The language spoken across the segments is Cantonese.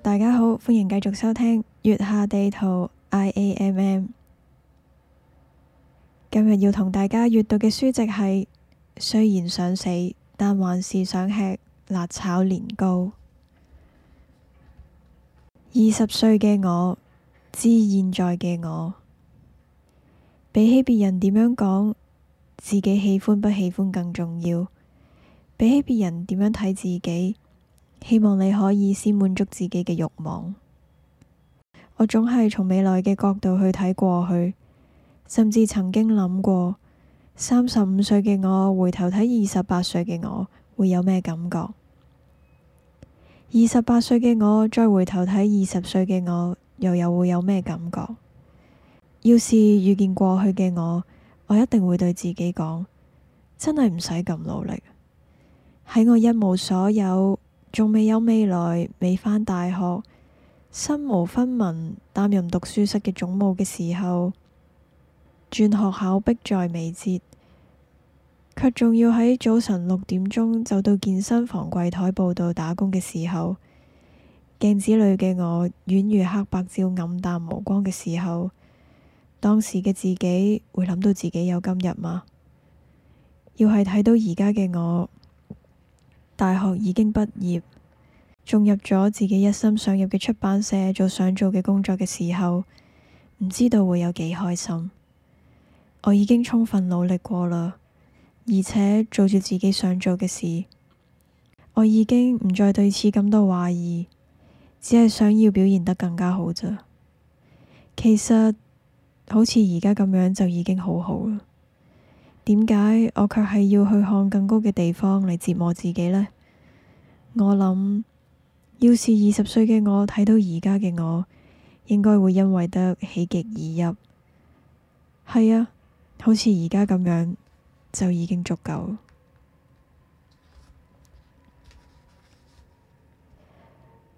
大家好，歡迎繼續收聽《月下地圖 I A M M》。今日要同大家閱讀嘅書籍係《雖然想死，但還是想吃辣炒年糕》。二十歲嘅我，致現在嘅我，比起別人點樣講？自己喜歡不喜歡更重要，比起別人點樣睇自己，希望你可以先滿足自己嘅欲望。我總係從未來嘅角度去睇過去，甚至曾經諗過三十五歲嘅我回頭睇二十八歲嘅我會有咩感覺？二十八歲嘅我再回頭睇二十歲嘅我，又又會有咩感覺？要是遇見過去嘅我？我一定會對自己講，真係唔使咁努力。喺我一無所有，仲未有未來，未返大學，身無分文，擔任讀書室嘅總務嘅時候，轉學校迫在眉睫，卻仲要喺早晨六點鐘就到健身房櫃台報到打工嘅時候，鏡子裏嘅我，宛如黑白照暗淡無光嘅時候。當時嘅自己會諗到自己有今日嗎？要係睇到而家嘅我，大學已經畢業，仲入咗自己一心想入嘅出版社做想做嘅工作嘅時候，唔知道會有幾開心。我已經充分努力過啦，而且做住自己想做嘅事，我已經唔再對此咁多懷疑，只係想要表現得更加好咋。其實。好似而家咁樣就已經好好啦。點解我卻係要去看更高嘅地方嚟折磨自己呢？我諗，要是二十歲嘅我睇到而家嘅我，應該會因為得喜極而泣。係啊，好似而家咁樣就已經足夠。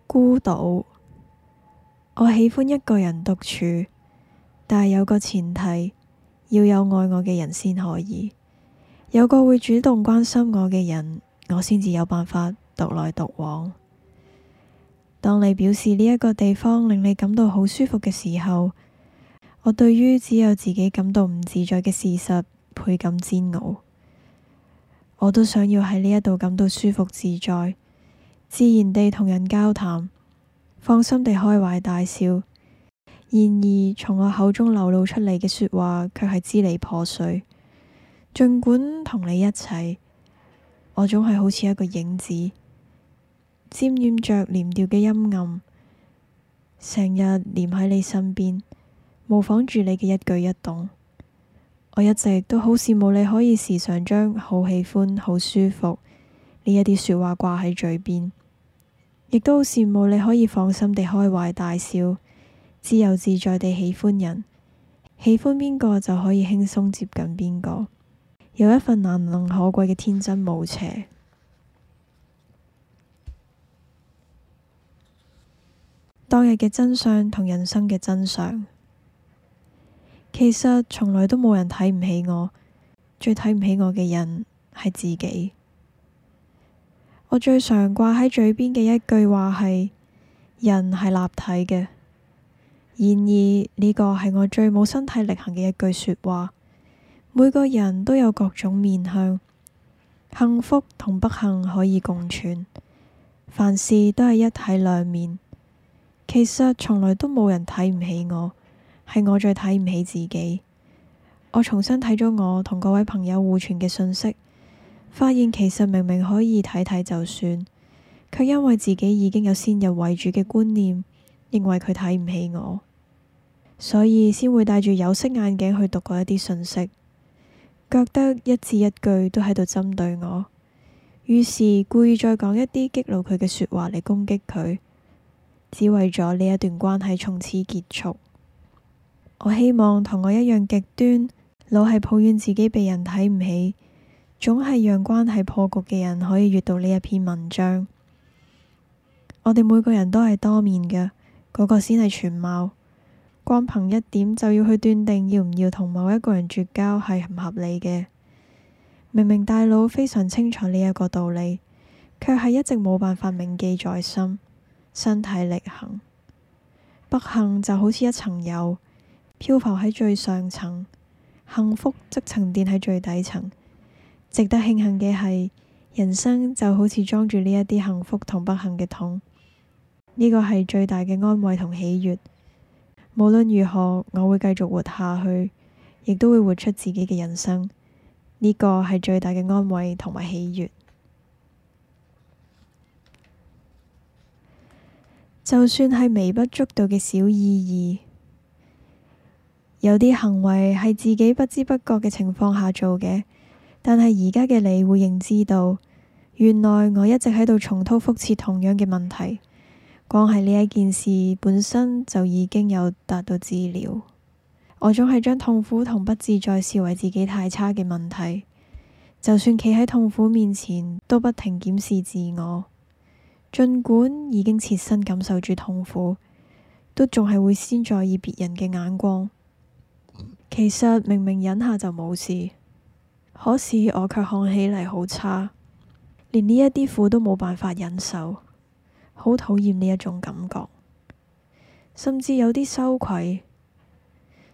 孤島，我喜歡一個人獨處。但係有個前提，要有愛我嘅人先可以，有個會主動關心我嘅人，我先至有辦法獨來獨往。當你表示呢一個地方令你感到好舒服嘅時候，我對於只有自己感到唔自在嘅事實倍感煎熬。我都想要喺呢一度感到舒服自在，自然地同人交談，放心地開懷大笑。然而，從我口中流露出嚟嘅說話，卻係支離破碎。儘管同你一齊，我總係好似一個影子，沾染着連調嘅陰暗，成日黏喺你身邊，模仿住你嘅一舉一動。我一直都好羨慕你可以時常將好喜歡、好舒服呢一啲說話掛喺嘴邊，亦都好羨慕你可以放心地開懷大笑。自由自在地喜歡人，喜歡邊個就可以輕鬆接近邊個，有一份難能可貴嘅天真無邪。當日嘅真相同人生嘅真相，其實從來都冇人睇唔起我，最睇唔起我嘅人係自己。我最常掛喺嘴邊嘅一句話係：人係立體嘅。然而呢，這個係我最冇身體力行嘅一句說話。每個人都有各種面向，幸福同不幸可以共存，凡事都係一體兩面。其實從來都冇人睇唔起我，係我最睇唔起自己。我重新睇咗我同各位朋友互傳嘅信息，發現其實明明可以睇睇就算，卻因為自己已經有先入為主嘅觀念，認為佢睇唔起我。所以先會戴住有色眼鏡去讀過一啲信息，覺得一字一句都喺度針對我，於是故意再講一啲激怒佢嘅說話嚟攻擊佢，只為咗呢一段關係從此結束。我希望同我一樣極端，老係抱怨自己被人睇唔起，總係讓關係破局嘅人可以閱讀呢一篇文章。我哋每個人都係多面嘅，嗰個先係全貌。光憑一點就要去斷定要唔要同某一個人絕交係唔合理嘅。明明大腦非常清楚呢一個道理，卻係一直冇辦法銘記在心，身體力行。不幸就好似一層油，漂浮喺最上層；幸福則沉澱喺最底層。值得慶幸嘅係，人生就好似裝住呢一啲幸福同不幸嘅桶，呢個係最大嘅安慰同喜悦。無論如何，我會繼續活下去，亦都會活出自己嘅人生。呢個係最大嘅安慰同埋喜悦。 就算係微不足道嘅小意思，有啲行為係自己不知不覺嘅情況下做嘅，但係而家嘅你會認知到，原來我一直喺度重蹈覆轍，同樣嘅問題。光係呢一件事本身就已經有達到治療。我總係將痛苦同不自在視為自己太差嘅問題，就算企喺痛苦面前，都不停檢視自我。儘管已經切身感受住痛苦，都仲係會先在意別人嘅眼光。其實明明忍下就冇事，可是我卻看起嚟好差，連呢一啲苦都冇辦法忍受。好討厭呢一種感覺，甚至有啲羞愧，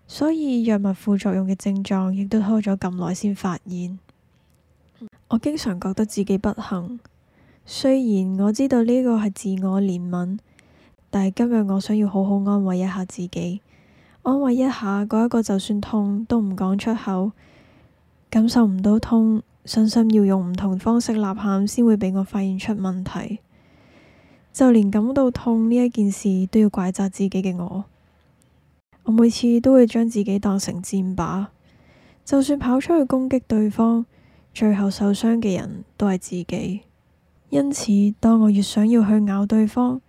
所以藥物副作用嘅症狀亦都拖咗咁耐先發現。我經常覺得自己不幸，雖然我知道呢個係自我憐憫，但係今日我想要好好安慰一下自己，安慰一下嗰一個，就算痛都唔講出口，感受唔到痛，身心要用唔同方式吶喊，先會畀我發現出問題。就連感到痛呢一件事都要怪責自己嘅我，我每次都會將自己當成箭靶，就算跑出去攻擊對方，最後受傷嘅人都係自己。因此，當我越想要去咬對方，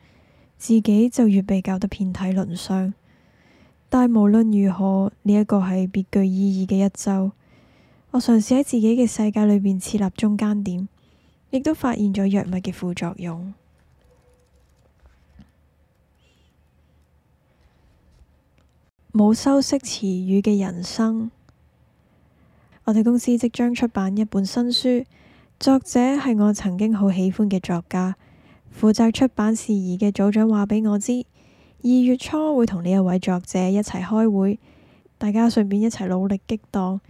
自己就越被搞得遍體鱗傷。但無論如何，呢、這、一個係別具意義嘅一周。我嘗試喺自己嘅世界裏邊設立中間點，亦都發現咗藥物嘅副作用。冇修飾詞語嘅人生。我哋公司即將出版一本新書，作者係我曾經好喜歡嘅作家。負責出版事宜嘅組長話俾我知，二月初會同呢一位作者一齊開會，大家順便一齊努力激盪。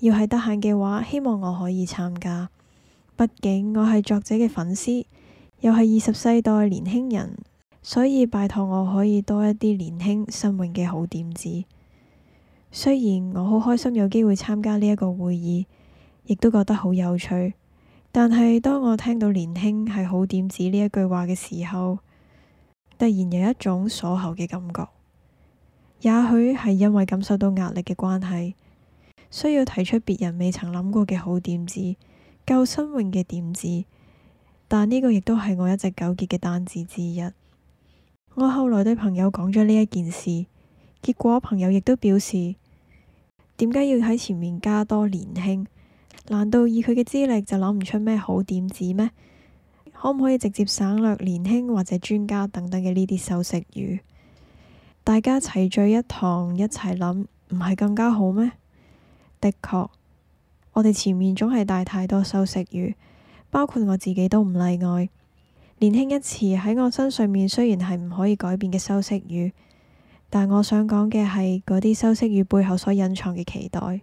要係得閒嘅話，希望我可以參加，畢竟我係作者嘅粉絲，又係二十世代年輕人。所以拜託我可以多一啲年輕、新穎嘅好點子。雖然我好開心有機會參加呢一個會議，亦都覺得好有趣。但係當我聽到“年輕係好點子”呢一句話嘅時候，突然有一種鎖喉嘅感覺。也許係因為感受到壓力嘅關係，需要提出別人未曾諗過嘅好點子，夠新穎嘅點子。但呢個亦都係我一直糾結嘅單字之一。我後來對朋友講咗呢一件事，結果朋友亦都表示：點解要喺前面加多年輕？難道以佢嘅資歷就諗唔出咩好點子咩？可唔可以直接省略年輕或者專家等等嘅呢啲修飾語？大家齊聚一堂，一齊諗，唔係更加好咩？的確，我哋前面總係帶太多修飾語，包括我自己都唔例外。年輕一詞喺我身上面雖然係唔可以改變嘅修飾語，但我想講嘅係嗰啲修飾語背後所隱藏嘅期待。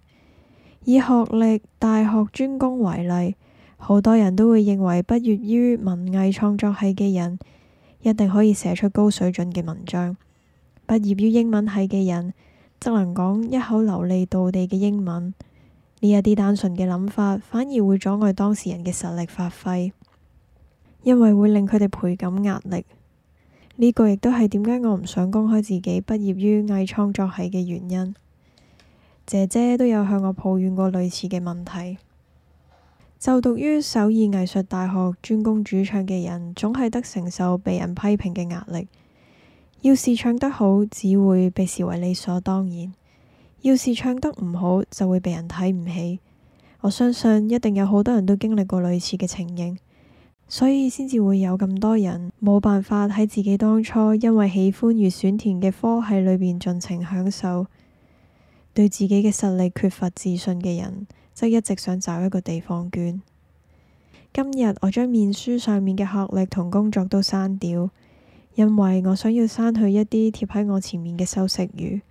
以學歷、大學專攻為例，好多人都會認為畢業於文藝創作系嘅人一定可以寫出高水準嘅文章，畢業於英文系嘅人則能講一口流利道地嘅英文。呢一啲單純嘅諗法，反而會阻礙當事人嘅實力發揮。因為會令佢哋倍感壓力，呢個亦都係點解我唔想公開自己畢業於藝創作系嘅原因。姐姐都有向我抱怨過類似嘅問題。就讀於首爾藝術大學專攻主唱嘅人，總係得承受被人批評嘅壓力。要是唱得好，只會被視為理所當然；要是唱得唔好，就會被人睇唔起。我相信一定有好多人都經歷過類似嘅情形。所以先至會有咁多人冇辦法喺自己當初因為喜歡而選填嘅科系裏邊盡情享受，對自己嘅實力缺乏自信嘅人，就一直想找一個地方捐。今日我將面書上面嘅學歷同工作都刪掉，因為我想要刪去一啲貼喺我前面嘅修飾語，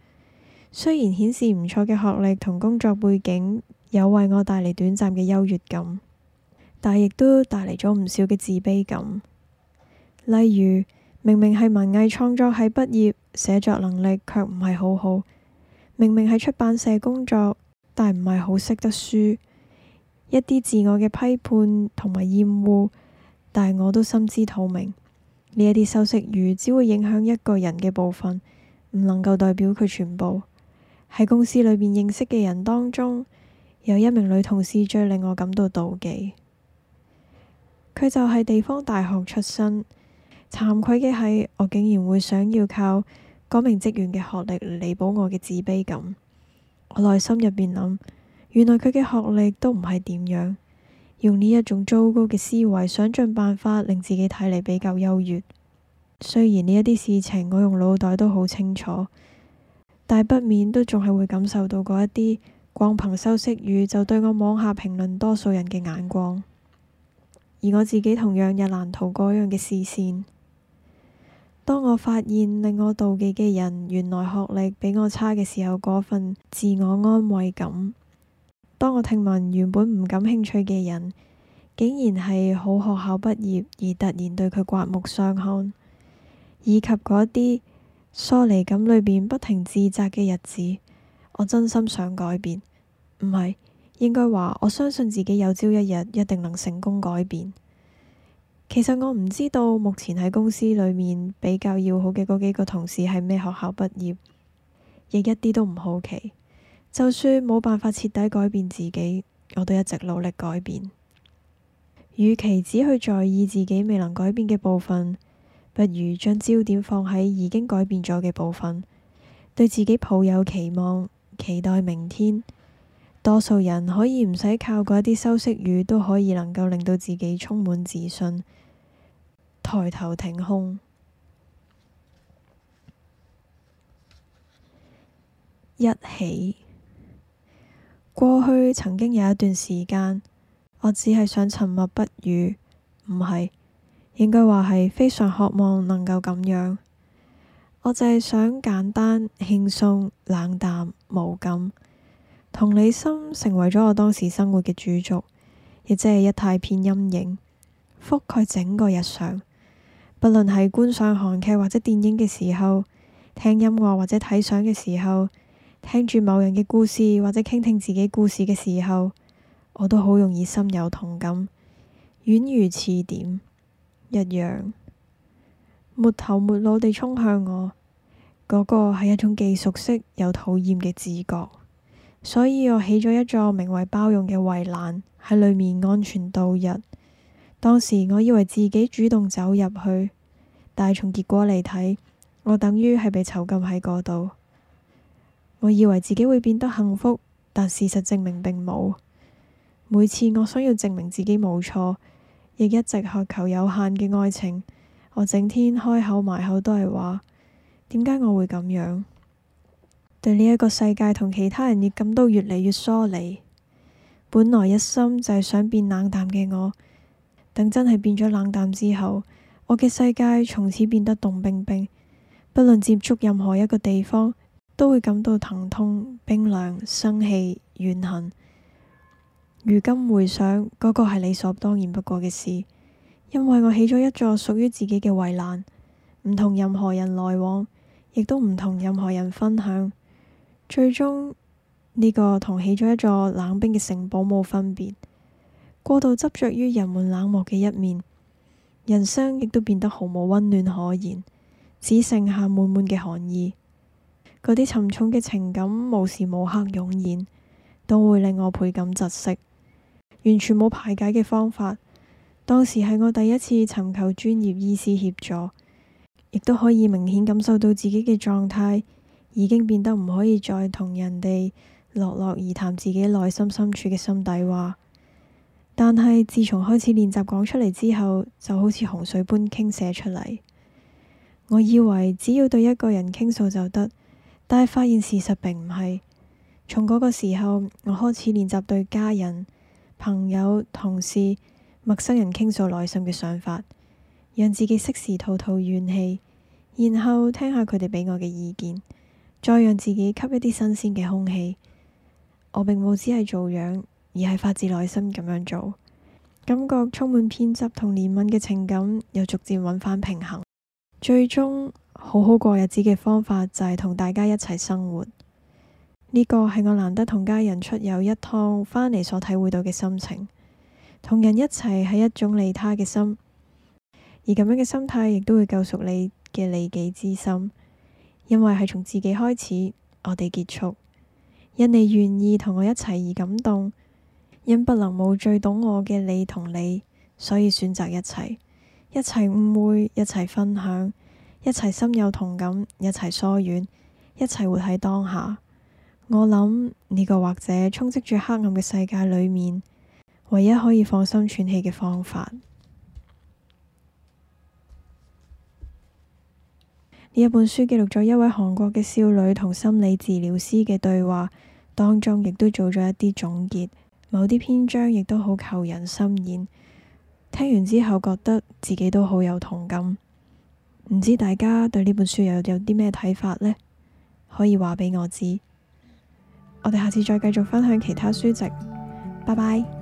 雖然顯示唔錯嘅學歷同工作背景，有為我帶嚟短暫嘅優越感。但亦都帶嚟咗唔少嘅自卑感，例如明明係文藝創作畢，喺畢業寫作能力卻唔係好好；明明係出版社工作，但唔係好識得書。一啲自我嘅批判同埋厭惡，但係我都心知肚明呢一啲修飾語只會影響一個人嘅部分，唔能夠代表佢全部。喺公司裏邊認識嘅人當中，有一名女同事最令我感到妒忌。佢就係地方大學出身，慚愧嘅係我竟然會想要靠嗰名職員嘅學歷嚟彌補我嘅自卑感。我內心入邊諗，原來佢嘅學歷都唔係點樣，用呢一種糟糕嘅思維，想盡辦法令自己睇嚟比較優越。雖然呢一啲事情我用腦袋都好清楚，但係不免都仲係會感受到嗰一啲光憑修飾語就對我妄下評論多數人嘅眼光。而我自己同樣亦難逃嗰樣嘅視線。當我發現令我妒忌嘅人原來學歷比我差嘅時候，嗰份自我安慰感；當我聽聞原本唔感興趣嘅人竟然係好學校畢業，而突然對佢刮目相看，以及嗰啲疏離感裏邊不停自責嘅日子，我真心想改變，唔係。應該話，我相信自己有朝一日一定能成功改變。其實我唔知道目前喺公司裏面比較要好嘅嗰幾個同事係咩學校畢業，亦一啲都唔好奇。就算冇辦法徹底改變自己，我都一直努力改變。與其只去在意自己未能改變嘅部分，不如將焦點放喺已經改變咗嘅部分，對自己抱有期望，期待明天。多數人可以唔使靠過一啲修飾語，都可以能夠令到自己充滿自信，抬頭挺胸。一起。過去曾經有一段時間，我只係想沉默不語，唔係應該話係非常渴望能夠咁樣，我就係想簡單、輕鬆、冷淡、無感。同理心成為咗我當時生活嘅主軸，亦即係一大片陰影覆蓋整個日常。不論係觀賞韓劇或者電影嘅時候，聽音樂或者睇相嘅時候，聽住某人嘅故事或者傾聽自己故事嘅時候，我都好容易心有同感，宛如刺點一樣，沒頭沒腦地衝向我。嗰個係一種既熟悉又討厭嘅自覺。所以我起咗一座名為包容嘅圍欄，喺裏面安全度日。當時我以為自己主動走入去，但係從結果嚟睇，我等於係被囚禁喺嗰度。我以為自己會變得幸福，但事實證明並冇。每次我想要證明自己冇錯，亦一直渴求有限嘅愛情。我整天開口埋口都係話，點解我會咁樣？對呢一個世界同其他人亦感到都越嚟越疏離。本來一心就係想變冷淡嘅我，等真係變咗冷淡之後，我嘅世界從此變得凍冰冰。不論接觸任何一個地方，都會感到疼痛、冰涼、生氣、怨恨。如今回想，嗰個係理所當然不過嘅事，因為我起咗一座屬於自己嘅圍欄，唔同任何人來往，亦都唔同任何人分享。最終呢個同起咗一座冷冰嘅城堡冇分別，過度執着於人們冷漠嘅一面，人生亦都變得毫無溫暖可言，只剩下滿滿嘅寒意。嗰啲沉重嘅情感無時無刻湧現，都會令我倍感窒息，完全冇排解嘅方法。當時係我第一次尋求專業醫師協助，亦都可以明顯感受到自己嘅狀態。已經變得唔可以再同人哋落落而談自己內心深處嘅心底話，但係自從開始練習講出嚟之後，就好似洪水般傾瀉出嚟。我以為只要對一個人傾訴就得，但係發現事實並唔係。從嗰個時候，我開始練習對家人、朋友、同事、陌生人傾訴內心嘅想法，讓自己適時吐吐怨氣，然後聽下佢哋畀我嘅意見。再讓自己吸一啲新鮮嘅空氣，我並冇只係做樣，而係發自內心咁樣做，感覺充滿偏執同憐憫嘅情感又逐漸揾返平衡。最終好好過日子嘅方法就係同大家一齊生活，呢個係我難得同家人出遊一趟返嚟所體會到嘅心情。同人一齊係一種利他嘅心，而咁樣嘅心態亦都會救贖你嘅利己之心。因為係從自己開始，我哋結束。因你願意同我一齊而感動，因不能冇最懂我嘅你同你，所以選擇一齊，一齊誤會，一齊分享，一齊心有同感，一齊疏遠，一齊活喺當下。我諗呢個或者充斥住黑暗嘅世界裏面，唯一可以放心喘氣嘅方法。呢一本書記錄咗一位韓國嘅少女同心理治療師嘅對話，當中亦都做咗一啲總結，某啲篇章亦都好扣人心弦。聽完之後覺得自己都好有同感，唔知大家對呢本書又有啲咩睇法呢？可以話畀我知。我哋下次再繼續分享其他書籍，拜拜。